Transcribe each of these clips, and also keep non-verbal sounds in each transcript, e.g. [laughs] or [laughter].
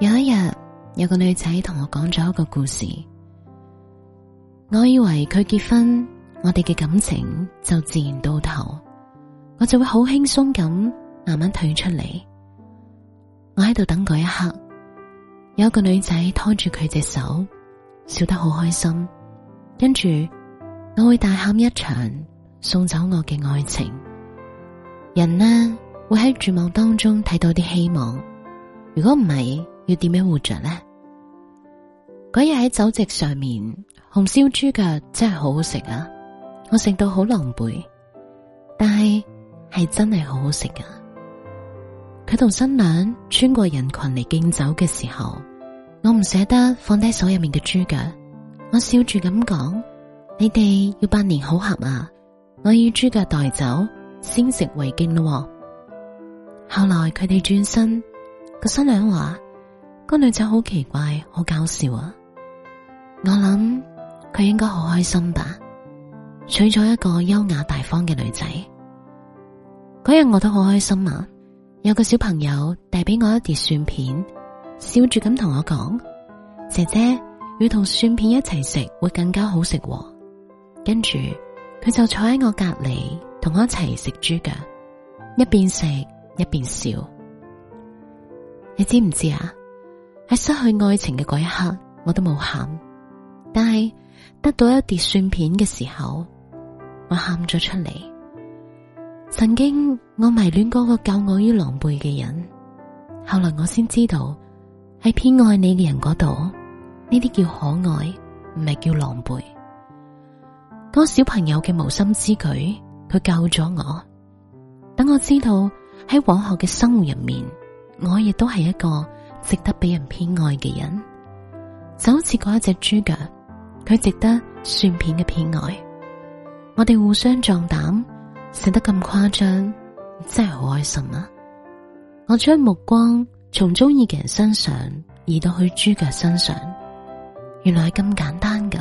有一日，有個女仔同我講咗一個故事。我以為佢結婚，我哋嘅感情就自然到頭，我就會好輕鬆咁慢慢退出嚟。我喺度等嗰一刻，有個女仔拖住佢隻手，笑得好開心，跟住我會大喊一場，送走我嘅愛情。人呢會喺絕望當中睇到啲希望，如果唔係，要點樣活着呢？嗰日喺酒席上面，紅燒豬腳真係好好食啊！我食到好狼狽，但係係真係好好食噶。佢同新娘穿過人群嚟敬酒嘅時候，我唔捨得放低手入面嘅豬腳，我笑住咁講：你哋要百年好合啊！我以豬腳代酒。先食為敬咯。後來佢哋轉身，個新娘話：個女仔好奇怪，好搞笑啊！我諗佢應該好開心吧，娶咗一個優雅大方嘅女仔。嗰日我都好開心啊！有個小朋友遞俾我一碟蒜片，笑住咁同我講：姐姐，要同蒜片一齊食會更加好食。跟住佢就坐喺我隔籬。同我一齊食豬腳，一邊食一邊笑。你知唔知啊？喺失去愛情嘅嗰一刻，我都冇喊，但係得到一碟蒜片嘅時候，我喊咗出嚟。曾經我迷戀嗰個救我於狼狽嘅人，後來我先知道，喺偏愛你嘅人嗰度，呢啲叫可愛，唔係叫狼狽。當小朋友嘅無心之舉。佢救咗我，等我知道喺往後嘅生活入面，我亦都係一個值得俾人偏愛嘅人。就好似嗰一隻豬腳，佢值得蒜片嘅偏愛。我哋互相壯膽，食得咁誇張，真係好開心啊！我將目光從中意嘅人身上移到去豬腳身上，原來係咁簡單㗎。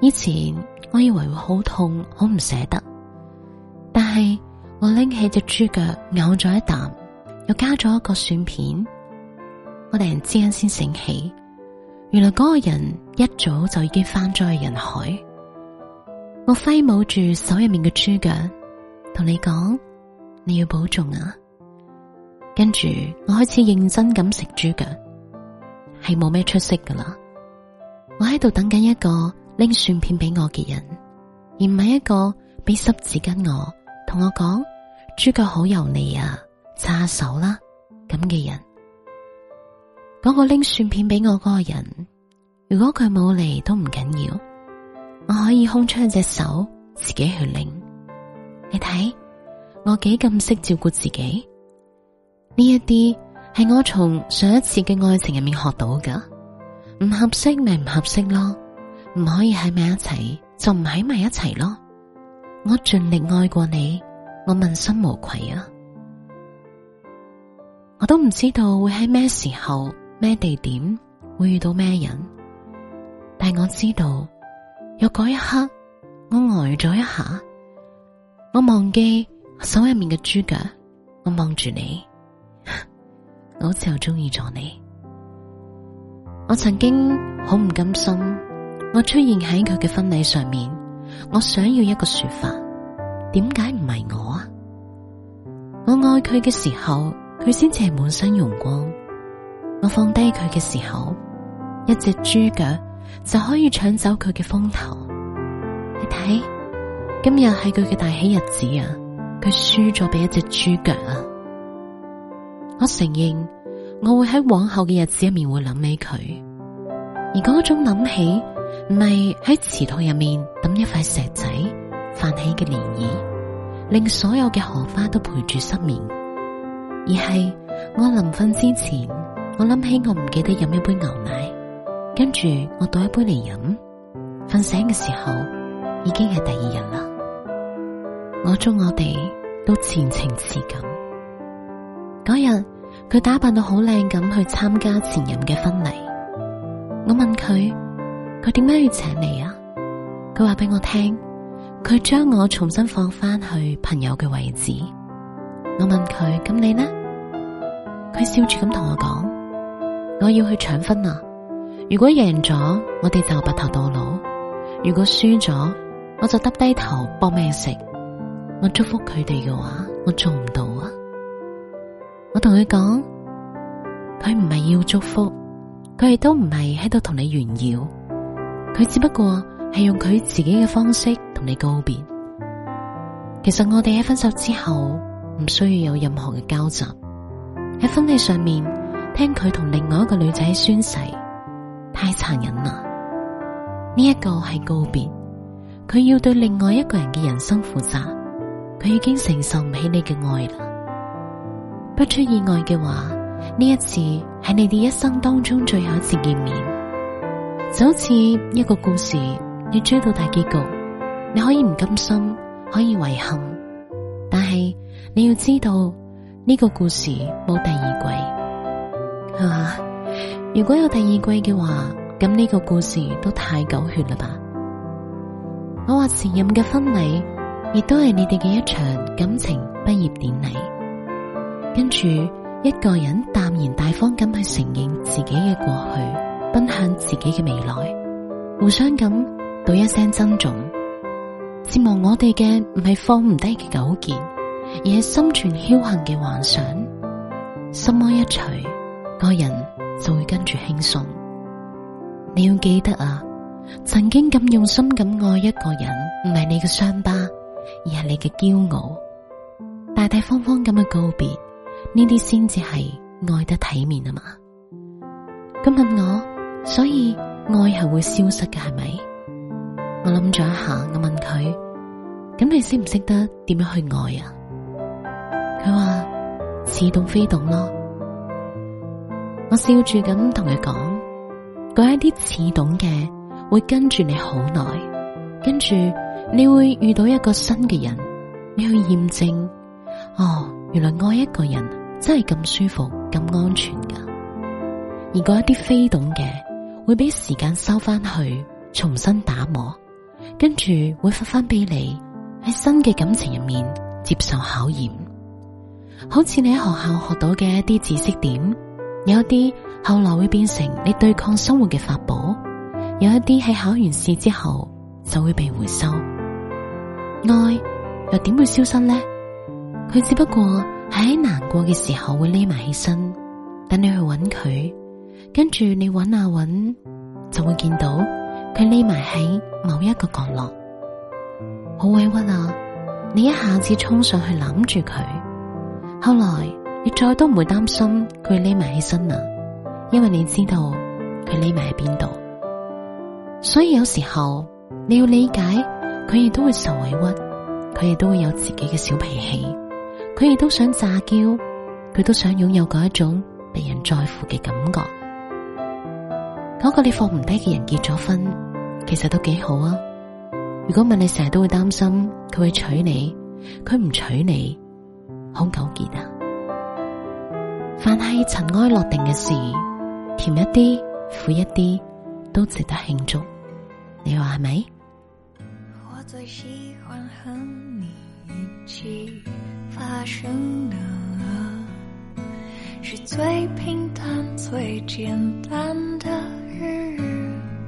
以前我以為會好痛，好唔捨得。但係我拎起隻豬腳咬咗一啖，又加咗一個蒜片。我突然之間先醒起，原來嗰個人一早就已經翻咗去人海。我揮舞住手入面嘅豬腳，同你講，你要保重啊。跟住我開始認真咁食豬腳，係冇咩出息噶啦。我喺度等緊一個拎蒜片俾我嘅人，而唔係一個俾濕紙巾我，同我講豬腳好油膩啊，擦手啦！咁嘅人，嗰個拎蒜片俾我嗰個人，如果佢冇嚟都唔緊要，我可以空出一隻手自己去拎。你睇我幾咁識照顧自己？呢一啲係我從上一次嘅愛情入面學到噶。唔合適咪唔合適咯，唔可以喺埋一齊就唔喺埋一齊咯。我盡力愛過你，我問心無愧啊！我都唔知道會喺咩時候、咩地點會遇到咩人，但我知道有嗰一刻，我呆咗一下，我忘記手入面嘅豬腳，我望住你， [laughs] 我好似又中意咗你。我曾經好唔甘心，我出現喺佢嘅婚禮上面。我想要一個說法，點解唔係我啊？我愛佢嘅時候，佢先至係滿身容光；我放低佢嘅時候，一隻豬腳就可以搶走佢嘅風頭。你睇，今日係佢嘅大喜日子啊！佢輸咗俾一隻豬腳啊！我承認，我會喺往後嘅日子入面會諗起佢，而嗰種諗起。唔係喺池塘入面抌一塊石仔泛起嘅漣漪，令所有嘅荷花都陪住失眠；而係我臨瞓之前，我諗起我唔記得飲一杯牛奶，跟住我倒一杯嚟飲。瞓醒嘅時候已經係第二日啦。我祝我哋都前程似錦。嗰日佢打扮到好靚咁去參加前任嘅婚禮，我問佢，佢點解要請你啊？佢話畀我聽，佢將我重新放翻去朋友嘅位置。我問佢：咁你呢？佢笑住咁同我講：我要去搶婚啊！如果贏咗，我哋就白頭到老；如果輸咗，我就耷低頭搏命食。我祝福佢哋嘅話，我做唔到啊！我同佢講：佢唔係要祝福，佢亦都唔係喺度同你炫耀。佢只不過係用佢自己嘅方式同你告別。其實我哋喺分手之後唔需要有任何嘅交集。喺婚禮上面聽佢同另外一個女仔宣誓，太殘忍啦！呢一個係告別，佢要對另外一個人嘅人生負責。佢已經承受唔起你嘅愛啦。不出意外嘅話，呢一次係你哋一生當中最後一次見面。就好似一個故事，你追到大結局，你可以唔甘心，可以遺憾，但係你要知道呢個故事冇第二季，係嘛？如果有第二季嘅話，咁呢個故事都太狗血啦吧？我話前任嘅婚禮，亦都係你哋嘅一場感情畢業典禮，跟住一個人淡然大方咁去承認自己嘅過去。奔向自己嘅未來，互相咁道一聲珍重。折磨我哋嘅唔係放唔低嘅糾結，而係心存僥倖嘅幻想。心安一除，個人就會跟住輕鬆。你要記得啊，曾經咁用心咁愛一個人，唔係你嘅傷疤，而係你嘅驕傲。大大方方咁嘅告別，呢啲先至係愛得體面啊嘛。咁問我。所以愛係會消失嘅，係咪？我諗咗一下，我問佢：咁你識唔識得點樣去愛啊？佢話似懂非懂咯。我笑住咁同佢講：嗰一啲似懂嘅會跟住你好耐，跟住你會遇到一個新嘅人，你去驗證。哦，原來愛一個人真係咁舒服、咁安全噶。而嗰一啲非懂嘅。會俾時間收翻去，重新打磨，跟住會發翻俾你喺新嘅感情入面接受考驗。好似你喺學校學到嘅一啲知識點，有一啲後來會變成你對抗生活嘅法寶，有一啲喺考完試之後就會被回收。愛又點會消失呢？佢只不過喺難過嘅時候會匿埋起身，等你去揾佢。跟住你揾下揾，就會見到佢匿埋喺某一個角落，好委屈啊！你一下子衝上去攬住佢，後來你再都唔會擔心佢匿埋起身啦，因為你知道佢匿埋喺邊度。所以有時候你要理解佢，亦都會受委屈，佢亦都會有自己嘅小脾氣，佢亦都想詐嬌，佢都想擁有嗰一種被人在乎嘅感覺。嗰個你放唔低嘅人結咗婚，其實都幾好啊！如果問你成日都會擔心佢會娶你，佢唔娶你，好糾結啊！凡係塵埃落定嘅事，甜一啲、苦一啲，都值得慶祝。你話係咪？我最喜歡和你一起發生的是最平淡、最簡單的